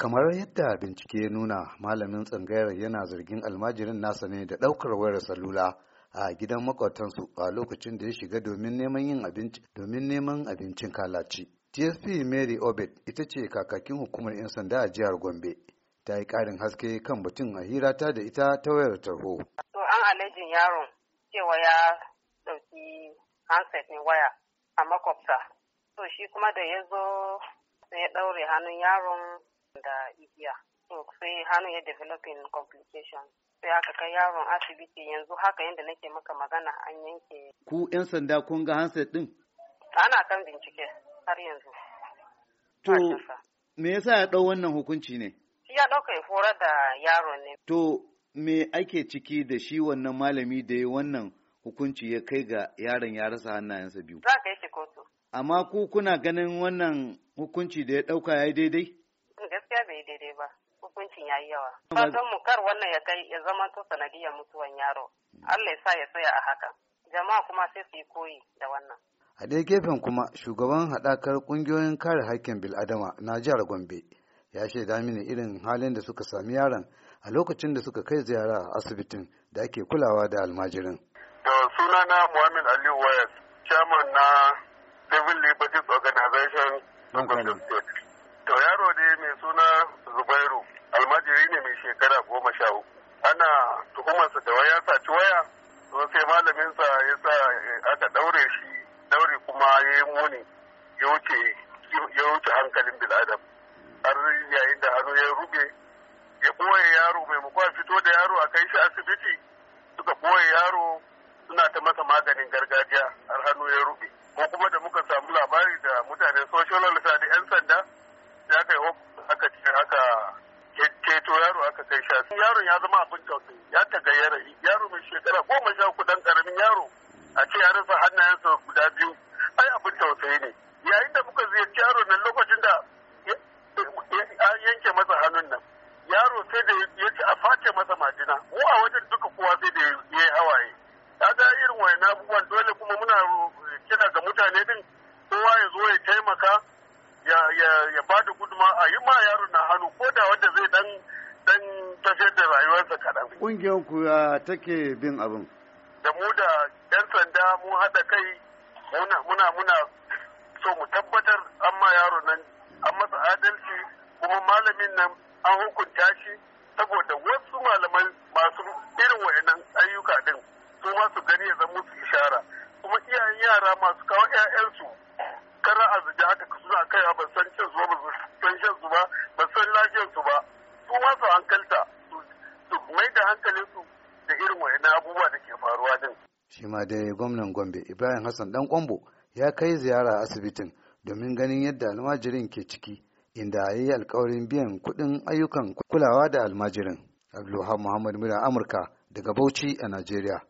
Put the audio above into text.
kamar yadda bincike ya nuna malamin tsangayar yana zargin almajirin nasa ne da ɗaukar wayar salula a gidan makwatansu a lokacin da ya shiga domin neman yin abinci domin neman abincin kalaci tsp mary obed ita ce kakakin hukumar 'yan sanda a jihar gombe ta yi ƙarin haske kan batun a hirata da ita ta wayar tarho to an alejin yaron cewa ya dauki handset ne waya a makwabta to shi kuma da ya zo sai ya ɗaure hannun yaron da igiya sai hannu ya developing complication sai aka kai yaron asibiti yanzu haka yadda nake maka magana an yanke ku yan sanda kun ga handset din ana kan bincike har yanzu to me yasa ya dau wannan hukunci ne Shi ya dauka ya horar da yaron ne to me ake ciki da shi wannan malami da ya wannan hukunci ya kai ga yaron ya rasa hannayensa biyu za ka yi kotu amma ku kuna ganin wannan hukunci da ya dauka ya yi daidai bai daidai ba hukuncin ya yi yawa don mu kar wannan ya kai ya zama to sanadiyar mutuwan yaro mm. Allah ya sa ya tsaya a haka jama'a kuma sai su yi koyi da wannan a ɗaya gefen kuma shugaban haɗakar ƙungiyoyin kare haƙƙin bil'adama na jihar gombe ya shaida mini irin halin da suka sami yaron a lokacin da suka kai ziyara a asibitin da ake kulawa da almajirin to sunana muhammad aliyu wayas chairman na civil liberties organization State. to yaro ne mai suna shekara goma sha uku ana tuhumarsa da waya saci waya to sai malaminsa ya sa eh, aka ɗaure shi daure kuma ya yi muni ya wuce hankalin bil'adam har yayin da hannu ya rube ya ɓoye yaro mai, maimakon fito da yaro a kai shi asibiti suka ɓoye yaro suna ta masa maganin gargajiya har hannu ya rube ko kuma da yaron ya zama abin tausayi ya tagayyara yaro mai shekara goma sha uku dan karamin yaro a ce ya rasa hannayensa guda biyu ai abin tausayi ne yayin da muka ziyarci yaro nan lokacin da an yanke masa hannun nan yaro sai da ya ce a face masa majina mu a wajen duka kowa sai da ya yi hawaye ga irin wayan abubuwan dole kuma muna kira ga mutane din kowa ya zo ya taimaka ya ba da guduma a yi ma yaro na hannu ko da wanda zai dan dan tafiyar da rayuwarsa kaɗan. Ƙungiyar ku ya take bin abin? Da mu da 'yan sanda mun haɗa kai muna muna so mu tabbatar an ma yaro nan an masa adalci kuma malamin nan an hukunta shi saboda wasu malaman masu irin wa'annan ayyuka din su ma su gani ya zama musu ishara kuma iyayen yara masu kawo 'ya'yansu kara azuja haka suna kai ba san cin ba ba san shan ba ba san ba kowa su hankalta su mai da hankalin su da irin na abubuwa da ke faruwa din. Shi ma dai gwamnan Gombe Ibrahim Hassan Dan Kwambo ya kai ziyara asibitin domin ganin yadda almajirin ke ciki inda ya yi alkawarin biyan kuɗin ayyukan kulawa da almajirin. Abdullahi Muhammad Mura Amurka daga Bauchi a Najeriya.